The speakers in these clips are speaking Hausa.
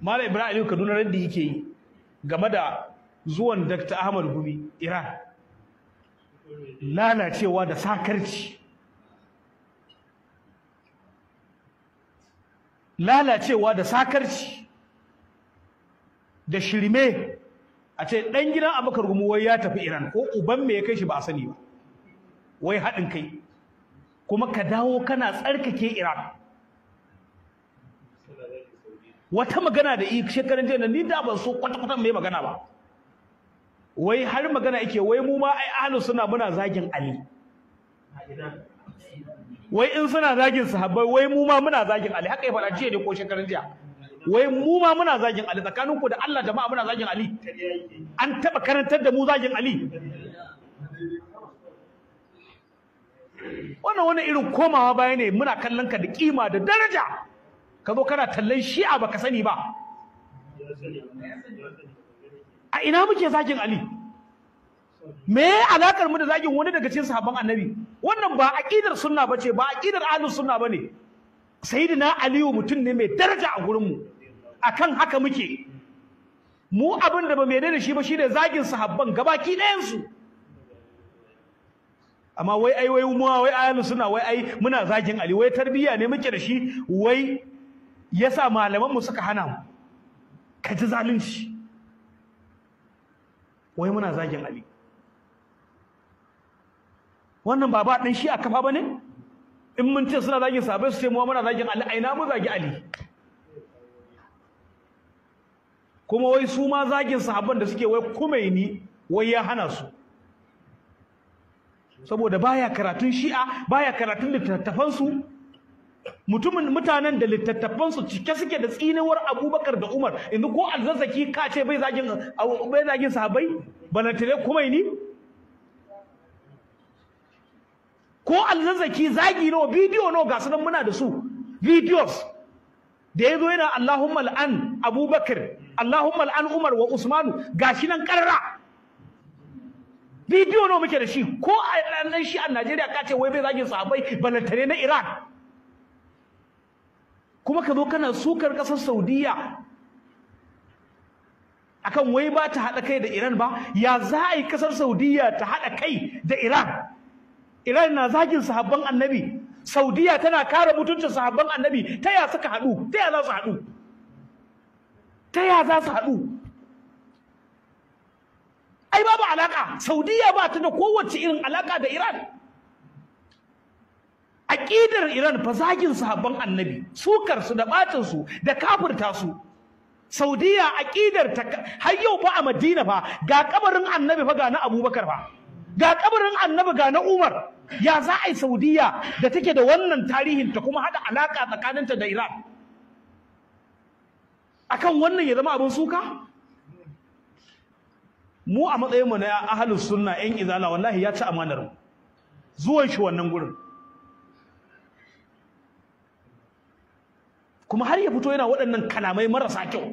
Malam Ibrahim Kaduna da yake yi game da zuwan Dr. Ahmad Gumi Iran lalacewa da sakarci lalacewa da sakarci da shirme a ce ɗan gidan abakar gumu wai ya tafi Iran ko uban me ya kai shi ba a sani ba wai haɗin kai kuma ka dawo kana tsarkake Iran wata magana da iya shekaran jiya ni da ban so kwata kwata mai magana ba wai har magana yake wai mu ma ai ahlus sunna muna zagin ali wai in suna zagin sahabbai wai mu ma muna zagin ali haka ya faɗa jiya ne ko shekaran jiya wai mu ma muna zagin ali tsakanin ku da Allah jama'a muna zagin ali an taba karantar da mu zagin ali wannan wani irin komawa baya ne muna kallon ka da kima da daraja ka zo kana tallan shi'a ka sani ba a ina muke zagin ali me alakar mu da zagin wani daga cikin sahabban annabi wannan ba aqidar sunna bace ba aqidar ahlus sunna bane sayyidina aliyu mutum ne mai daraja a gurin mu akan haka muke mu abin da ba mai da shi ba shine zagin sahabban gabaki ɗayan su amma wai ai wai mu wai ahlus sunna wai ai muna zagin ali wai tarbiyya ne muke da shi wai yasa malamanmu suka hana mu ka ji zalunci wai muna zagin ali wannan ba ba ɗan shi a kafa ba ne in mun ce suna zagin sabai su ce mu muna zagin ali aina mu zagi ali kuma wai su ma zagin sahabban da suke wai ni wai ya hana su saboda baya karatun shi'a baya karatun littattafansu mutumin mutanen da littattafan su cike suke da tsinewar Abubakar da Umar inda ko alzazzaki ka ce bai zagin bai zagin sahabbai balantare kuma ni ko alzazzaki zagi nawa bidiyo nawa ga sunan muna da su videos da yazo yana Allahumma al'an Abubakar Allahumma al'an Umar wa Usmanu gashi nan karra bidiyo nawa muke da shi ko a ɗan shi a Najeriya ka ce wai bai zagin sahabbai balantare na Iran kuma ka zo kana sukar ƙasar saudiya akan wai ba ta haɗa kai da iran ba ya za a yi ƙasar saudiya ta haɗa kai da iran iran na zagin sahabban annabi saudiya tana kare mutuncin sahabban annabi ta ya suka haɗu ta ya za su haɗu ta ya za su haɗu ai babu alaƙa saudiya ba ta da kowace irin alaƙa da iran aƙidar Iran fa zagin sahabban annabi sukar su da batin su da kafirta su Saudiya aƙidar ta har yau fa a Madina ba ga kabarin annabi fa ga na Abubakar fa ga kabarin annabi ga na Umar ya za a yi Saudiya da take da wannan tarihin ta kuma hada alaka tsakaninta da Iran akan wannan ya zama abin suka mu a matsayinmu na ahalus sunna yan izala wallahi ya ci amanar mu zuwan shi wannan gurin kuma har ya fito yana waɗannan kalamai marasa kyau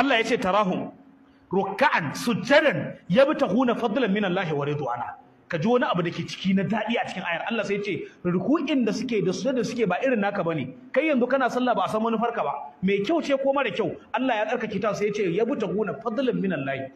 Allah ya ce tarahum rukka'an sujjadan tahuna fadlan min Allah wa ridwana ka ji wani abu da ke ciki na daɗi a cikin ayar Allah sai ce ruku'in da suke da sujjada suke ba irin naka bane kai yanzu kana sallah ba a san manufarka ba mai kyau ce ko mara kyau Allah ya tsarkake ta sai ya ce yabtaghuna fadlan min Allah